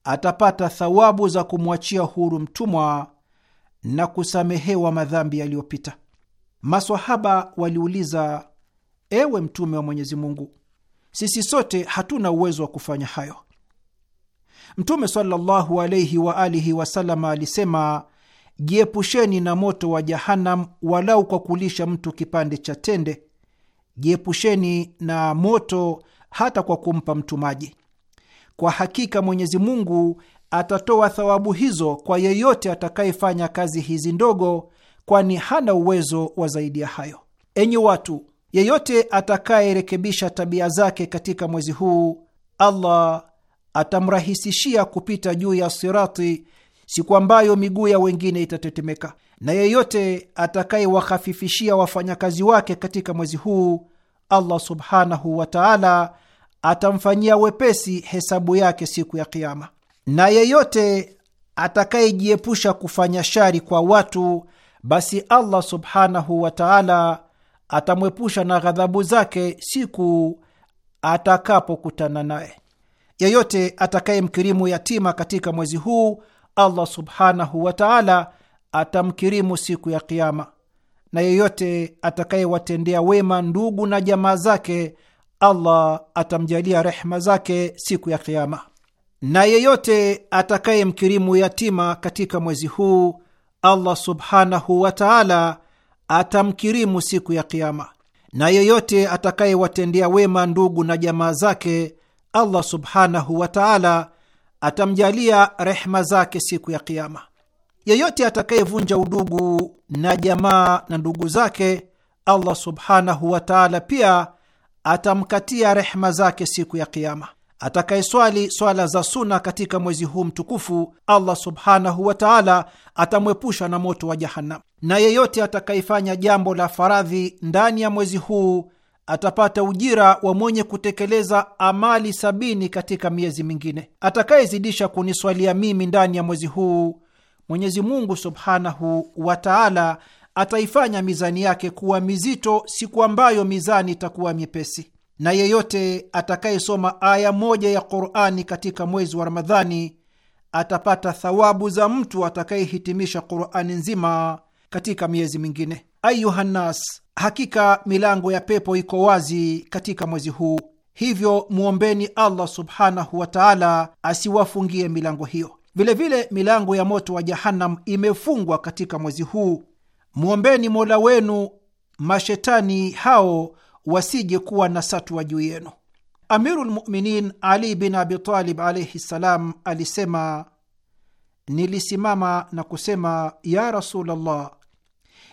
Speaker 4: atapata thawabu za kumwachia huru mtumwa na kusamehewa madhambi yaliyopita. Maswahaba waliuliza, ewe Mtume wa Mwenyezi Mungu, sisi sote hatuna uwezo wa kufanya hayo. Mtume sallallahu alaihi wa alihi alisema, jiepusheni na moto wa Jahanam walau kwa kulisha mtu kipande cha tende. Jiepusheni na moto hata kwa kumpa mtu maji. Kwa hakika Mwenyezi Mungu atatoa thawabu hizo kwa yeyote atakayefanya kazi hizi ndogo, kwani hana uwezo wa zaidi ya hayo. Enyi watu, yeyote atakayerekebisha tabia zake katika mwezi huu, Allah atamrahisishia kupita juu ya sirati siku ambayo miguu ya wengine itatetemeka, na yeyote atakayewahafifishia wafanyakazi wake katika mwezi huu, Allah subhanahu wa taala atamfanyia wepesi hesabu yake siku ya Kiama na yeyote atakayejiepusha kufanya shari kwa watu, basi Allah subhanahu wa taala atamwepusha na ghadhabu zake siku atakapokutana naye. Yeyote atakayemkirimu yatima katika mwezi huu, Allah subhanahu wa taala atamkirimu siku ya Kiama, na yeyote atakayewatendea wema ndugu na jamaa zake, Allah atamjalia rehma zake siku ya Kiama na yeyote atakayemkirimu yatima katika mwezi huu Allah subhanahu wa taala atamkirimu siku ya Kiama, na yeyote atakayewatendea wema ndugu na jamaa zake Allah subhanahu wa taala atamjalia rehma zake siku ya Kiama. Yeyote atakayevunja udugu na jamaa na ndugu zake Allah subhanahu wa taala pia atamkatia rehma zake siku ya Kiama. Atakayeswali swala za suna katika mwezi huu mtukufu, Allah subhanahu wa taala atamwepusha na moto wa Jahannam, na yeyote atakayefanya jambo la faradhi ndani ya mwezi huu atapata ujira wa mwenye kutekeleza amali sabini katika miezi mingine. Atakayezidisha kuniswalia mimi ndani ya mwezi huu, Mwenyezi Mungu subhanahu wa taala ataifanya mizani yake kuwa mizito siku ambayo mizani itakuwa nyepesi na yeyote atakayesoma aya moja ya Qurani katika mwezi wa Ramadhani atapata thawabu za mtu atakayehitimisha Qurani nzima katika miezi mingine. Ayuhannas, hakika milango ya pepo iko wazi katika mwezi huu, hivyo mwombeni Allah subhanahu wa taala asiwafungie milango hiyo. Vilevile milango ya moto wa Jahannam imefungwa katika mwezi huu, mwombeni mola wenu mashetani hao wasije kuwa na satwa juu yenu. Amirulmuminin Ali bin Abitalib alaihi ssalam alisema, nilisimama na kusema, ya Rasulallah,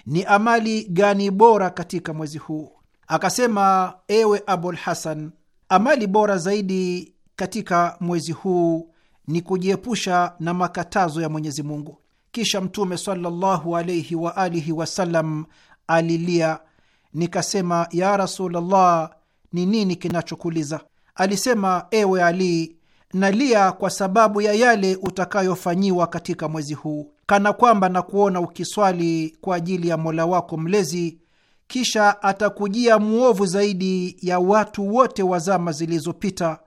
Speaker 4: ni amali gani bora katika mwezi huu? Akasema, ewe Abul Hasan, amali bora zaidi katika mwezi huu ni kujiepusha na makatazo ya Mwenyezi Mungu. Kisha Mtume sallallahu alaihi waalihi wasallam alilia Nikasema, ya Rasulullah, ni nini kinachokuliza? Alisema, ewe Ali, nalia kwa sababu ya yale utakayofanyiwa katika mwezi huu, kana kwamba nakuona ukiswali kwa ajili ya Mola wako Mlezi, kisha atakujia mwovu zaidi ya watu wote wa zama zilizopita,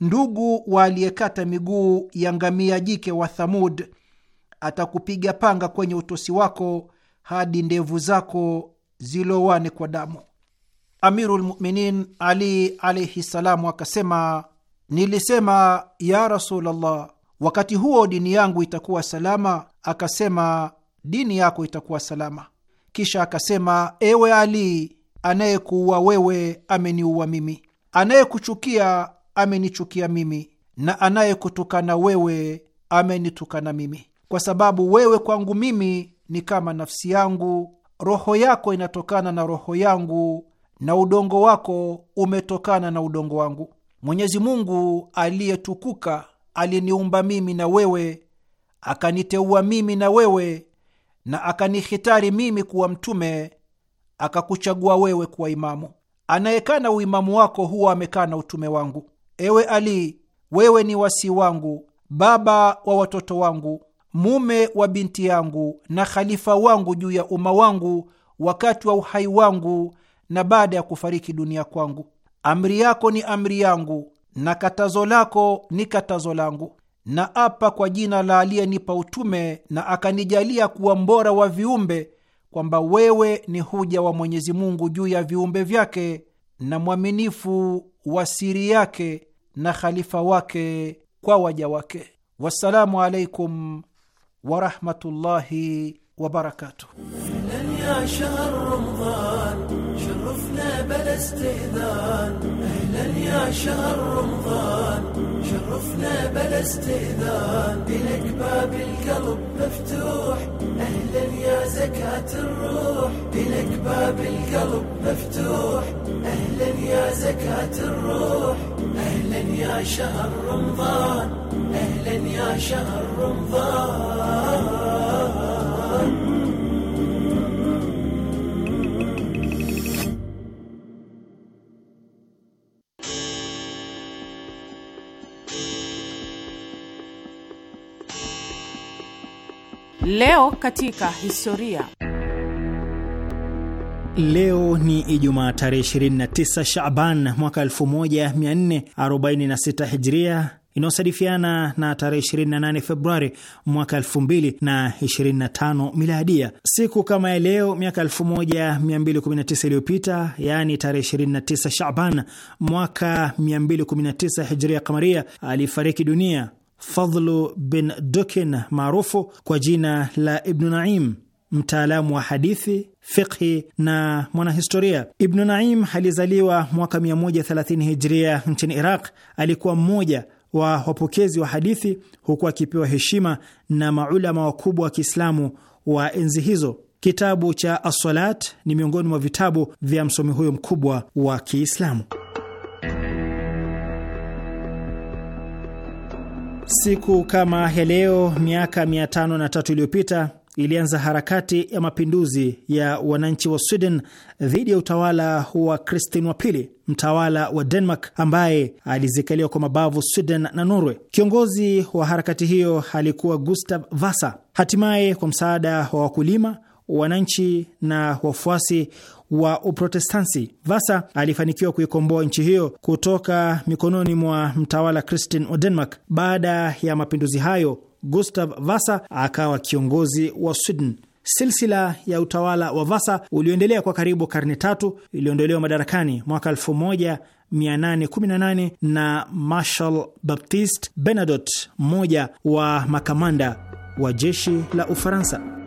Speaker 4: ndugu wa aliyekata miguu ya ngamia jike wa Thamud. Atakupiga panga kwenye utosi wako hadi ndevu zako zilowane kwa damu. Amiru lmuminin Ali alaihi ssalamu akasema, nilisema ya rasulllah wakati huo dini yangu itakuwa salama? Akasema, dini yako itakuwa salama. Kisha akasema, ewe Ali, anayekuua wewe ameniua mimi, anayekuchukia amenichukia mimi, na anayekutukana wewe amenitukana mimi, kwa sababu wewe kwangu mimi ni kama nafsi yangu roho yako inatokana na roho yangu na udongo wako umetokana na udongo wangu. Mwenyezi Mungu aliyetukuka aliniumba mimi na wewe, akaniteua mimi na wewe, na akanihitari mimi kuwa mtume, akakuchagua wewe kuwa imamu. Anayekana uimamu wako huwa amekana utume wangu. Ewe Ali, wewe ni wasii wangu, baba wa watoto wangu mume wa binti yangu na khalifa wangu juu ya umma wangu wakati wa uhai wangu na baada ya kufariki dunia kwangu. Amri yako ni amri yangu na katazo lako ni katazo langu. Na apa kwa jina la aliyenipa utume na akanijalia kuwa mbora wa viumbe kwamba wewe ni huja wa Mwenyezi Mungu juu ya viumbe vyake na mwaminifu wa siri yake na khalifa wake kwa waja wake. Wassalamu alaikum ورحمه الله وبركاته
Speaker 5: اهلا يا شهر رمضان شرفنا بلا استئذان اهلا يا شهر رمضان شرفنا بلا استئذان إلك باب القلب مفتوح اهلا يا زكاة الروح إلك باب القلب مفتوح اهلا يا زكاة الروح اهلا يا شهر رمضان يا شهر رمضان
Speaker 1: Leo katika historia.
Speaker 6: Leo ni Ijumaa tarehe 29 Shaban mwaka 1446 Hijria inayosadifiana na tarehe 28 Februari mwaka 2025 miladia. Siku kama ya leo miaka 1219 iliyopita, yaani tarehe 29 Shaban mwaka 219 Hijria Kamaria, alifariki dunia Fadhlu bin Dukin maarufu kwa jina la Ibnu Naim, mtaalamu wa hadithi fiqhi na mwanahistoria. Ibnu Naim alizaliwa mwaka 130 hijria nchini Iraq. Alikuwa mmoja wa wapokezi wa hadithi, huku akipewa heshima na maulama wakubwa wa Kiislamu wa enzi hizo. Kitabu cha Assalat ni miongoni mwa vitabu vya msomi huyo mkubwa wa Kiislamu. Siku kama ya leo miaka 503 iliyopita ilianza harakati ya mapinduzi ya wananchi wa Sweden dhidi ya utawala wa Kristin wa pili, mtawala wa Denmark ambaye alizikaliwa kwa mabavu Sweden na Norway. Kiongozi wa harakati hiyo alikuwa Gustav Vasa. Hatimaye, kwa msaada wa wakulima, wananchi na wafuasi wa Uprotestansi, Vasa alifanikiwa kuikomboa nchi hiyo kutoka mikononi mwa mtawala Kristin wa Denmark. Baada ya mapinduzi hayo Gustav Vasa akawa kiongozi wa Sweden. Silsila ya utawala wa Vasa ulioendelea kwa karibu karne tatu iliondolewa madarakani mwaka 1818 na Marshal baptist Bernadotte, mmoja wa makamanda wa jeshi la Ufaransa.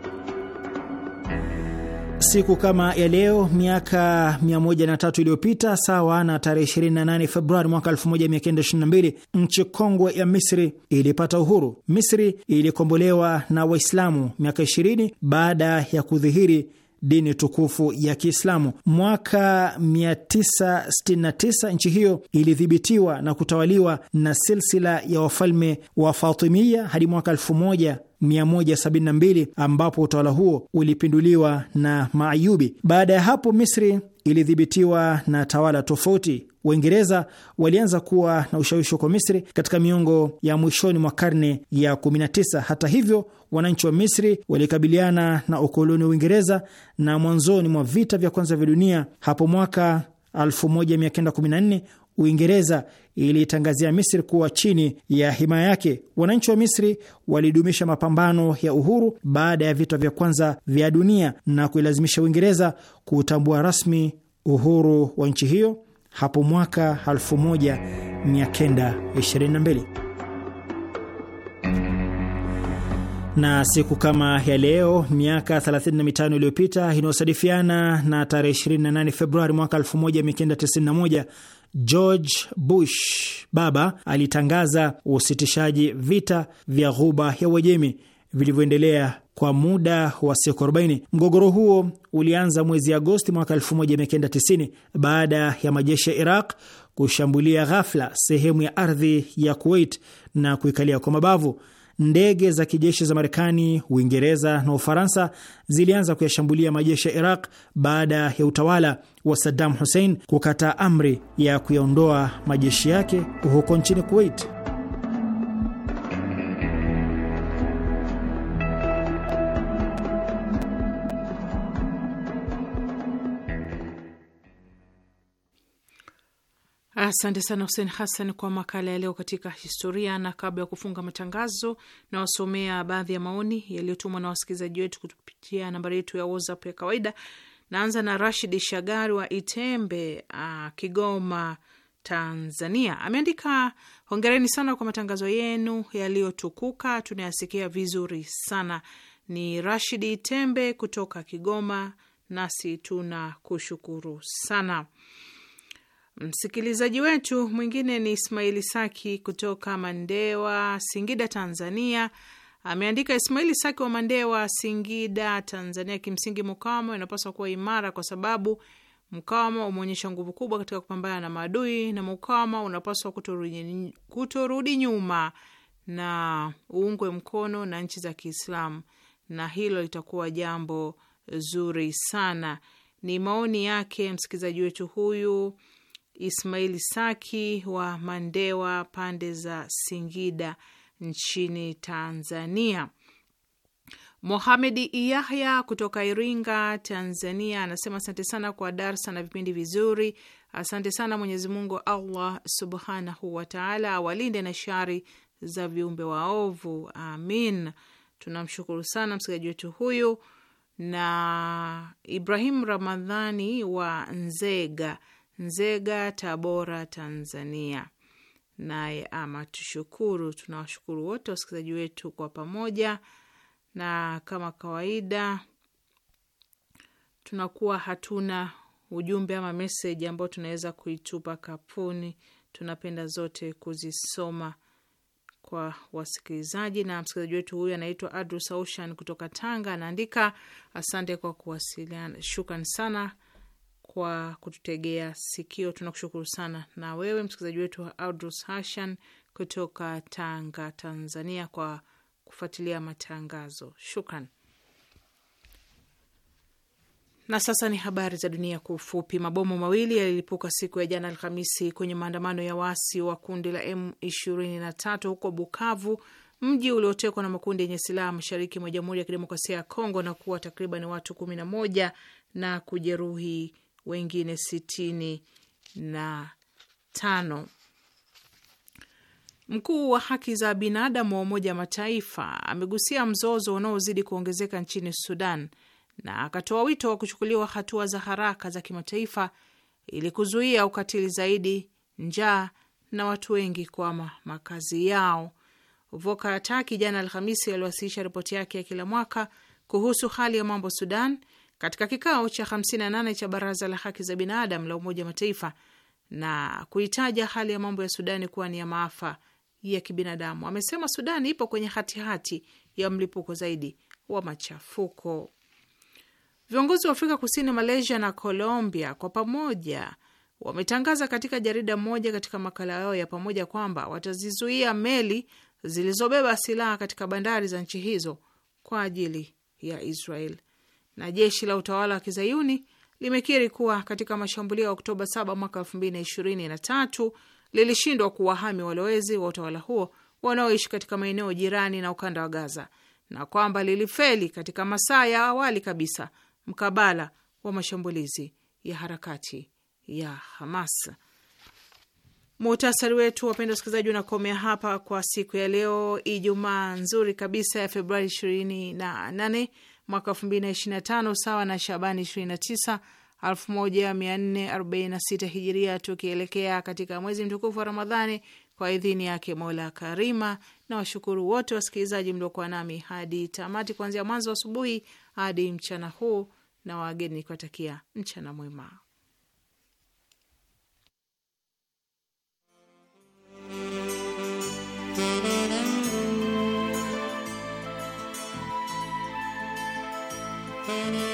Speaker 6: Siku kama ya leo miaka 103 iliyopita, sawa na tarehe 28 Februari mwaka 1922, nchi kongwe ya Misri ilipata uhuru. Misri ilikombolewa na Waislamu miaka 20 baada ya kudhihiri dini tukufu ya Kiislamu. Mwaka 969 nchi hiyo ilidhibitiwa na kutawaliwa na silsila ya wafalme wa Fatimia hadi mwaka 1172 ambapo utawala huo ulipinduliwa na Maayubi. Baada ya hapo, Misri ilidhibitiwa na tawala tofauti Uingereza walianza kuwa na ushawishi kwa Misri katika miongo ya mwishoni mwa karne ya 19. Hata hivyo, wananchi wa Misri walikabiliana na ukoloni wa Uingereza na mwanzoni mwa vita vya kwanza vya dunia hapo mwaka 1914 Uingereza ilitangazia Misri kuwa chini ya himaya yake. Wananchi wa Misri walidumisha mapambano ya uhuru baada ya vita vya kwanza vya dunia na kuilazimisha Uingereza kutambua rasmi uhuru wa nchi hiyo hapo mwaka 1922 na siku kama ya leo miaka 35 iliyopita inayosadifiana na tarehe 28 Februari mwaka 1991, George Bush baba alitangaza usitishaji vita vya Ghuba ya Uajemi vilivyoendelea kwa muda wa siku 40. Mgogoro huo ulianza mwezi Agosti mwaka 1990 baada ya majeshi ya Iraq kushambulia ghafla sehemu ya ardhi ya Kuwait na kuikalia kwa mabavu. Ndege za kijeshi za Marekani, Uingereza na Ufaransa zilianza kuyashambulia majeshi ya Iraq baada ya utawala wa Saddam Hussein kukataa amri ya kuyaondoa majeshi yake huko nchini Kuwait.
Speaker 1: Asante sana Hussein Hassan kwa makala ya leo katika historia, na kabla ya kufunga matangazo, nawasomea baadhi ya maoni yaliyotumwa na wasikilizaji wetu kupitia nambari yetu ya WhatsApp ya kawaida. Naanza na Rashid Shagari wa Itembe, uh, Kigoma, Tanzania. Ameandika, hongereni sana kwa matangazo yenu yaliyotukuka, tunayasikia vizuri sana. Ni Rashid Itembe kutoka Kigoma, nasi tuna kushukuru sana. Msikilizaji wetu mwingine ni Ismaili Saki kutoka Mandewa, Singida, Tanzania. Ameandika Ismaili Saki wa Mandewa, Singida, Tanzania. Kimsingi, mukawama inapaswa kuwa imara kwa sababu mkawama umeonyesha nguvu kubwa katika kupambana na maadui, na mukawama unapaswa kutorudi, nyuma na uungwe mkono na nchi za Kiislamu, na hilo litakuwa jambo zuri sana. Ni maoni yake msikilizaji wetu huyu Ismaili Saki wa Mandewa, pande za Singida nchini Tanzania. Mohamedi Yahya kutoka Iringa, Tanzania, anasema asante sana kwa darsa na vipindi vizuri. Asante sana. Mwenyezi Mungu Allah subhanahu wataala awalinde na shari za viumbe waovu, amin. Tunamshukuru sana msikilizaji wetu huyu. Na Ibrahim Ramadhani wa Nzega Nzega, Tabora, Tanzania. Naye ama tushukuru, tunawashukuru wote wasikilizaji wetu kwa pamoja, na kama kawaida tunakuwa hatuna ujumbe ama meseji ambao tunaweza kuitupa kapuni. Tunapenda zote kuzisoma kwa wasikilizaji, na msikilizaji wetu huyu anaitwa Adrus Aushan kutoka Tanga, anaandika: asante kwa kuwasiliana, shukran sana kwa kututegea sikio. Tunakushukuru sana na wewe msikilizaji wetu Audrus Hashan kutoka Tanga, Tanzania, kwa kufuatilia matangazo. Shukran. Na sasa ni habari za dunia kwa ufupi. Mabomu mawili yalilipuka siku ya jana Alhamisi kwenye maandamano ya waasi wa kundi la M23 huko Bukavu, mji uliotekwa na makundi yenye silaha mashariki mwa Jamhuri ya Kidemokrasia ya Kongo na kuwa takriban watu kumi na moja na kujeruhi wengine sitini na tano. Mkuu wa haki za binadamu wa Umoja Mataifa amegusia mzozo unaozidi kuongezeka nchini Sudan na akatoa wito wa kuchukuliwa hatua za haraka za kimataifa ili kuzuia ukatili zaidi, njaa na watu wengi kwa makazi yao. Volker Turk jana Alhamisi aliwasilisha ripoti yake ya kila mwaka kuhusu hali ya mambo Sudan katika kikao cha 58 cha Baraza la Haki za Binadamu la Umoja Mataifa na kuitaja hali ya mambo ya Sudani kuwa ni ya maafa ya kibinadamu. Amesema Sudani ipo kwenye hatihati hati ya mlipuko zaidi wa machafuko. Viongozi wa Afrika Kusini, Malaysia na Colombia kwa pamoja wametangaza katika jarida moja katika makala yao ya pamoja kwamba watazizuia meli zilizobeba silaha katika bandari za nchi hizo kwa ajili ya Israel na jeshi la utawala wa kizayuni limekiri kuwa katika mashambulio ya Oktoba 7 mwaka 2023 lilishindwa kuwahami walowezi wa utawala huo wanaoishi katika maeneo jirani na ukanda wa Gaza na kwamba lilifeli katika masaa ya awali kabisa mkabala wa mashambulizi ya harakati ya Hamas. Muhtasari wetu wapenda wasikilizaji, unakomea hapa kwa siku ya leo, Ijumaa nzuri kabisa ya Februari ishirini na nane mwaka 2025 sawa na Shabani 29 1446 hijiria, tukielekea katika mwezi mtukufu wa Ramadhani kwa idhini yake Mola Karima. Na washukuru wote wasikilizaji mliokuwa nami hadi tamati, kuanzia mwanzo asubuhi hadi mchana huu, na wageni nikiwatakia mchana mwema.
Speaker 5: Thank you.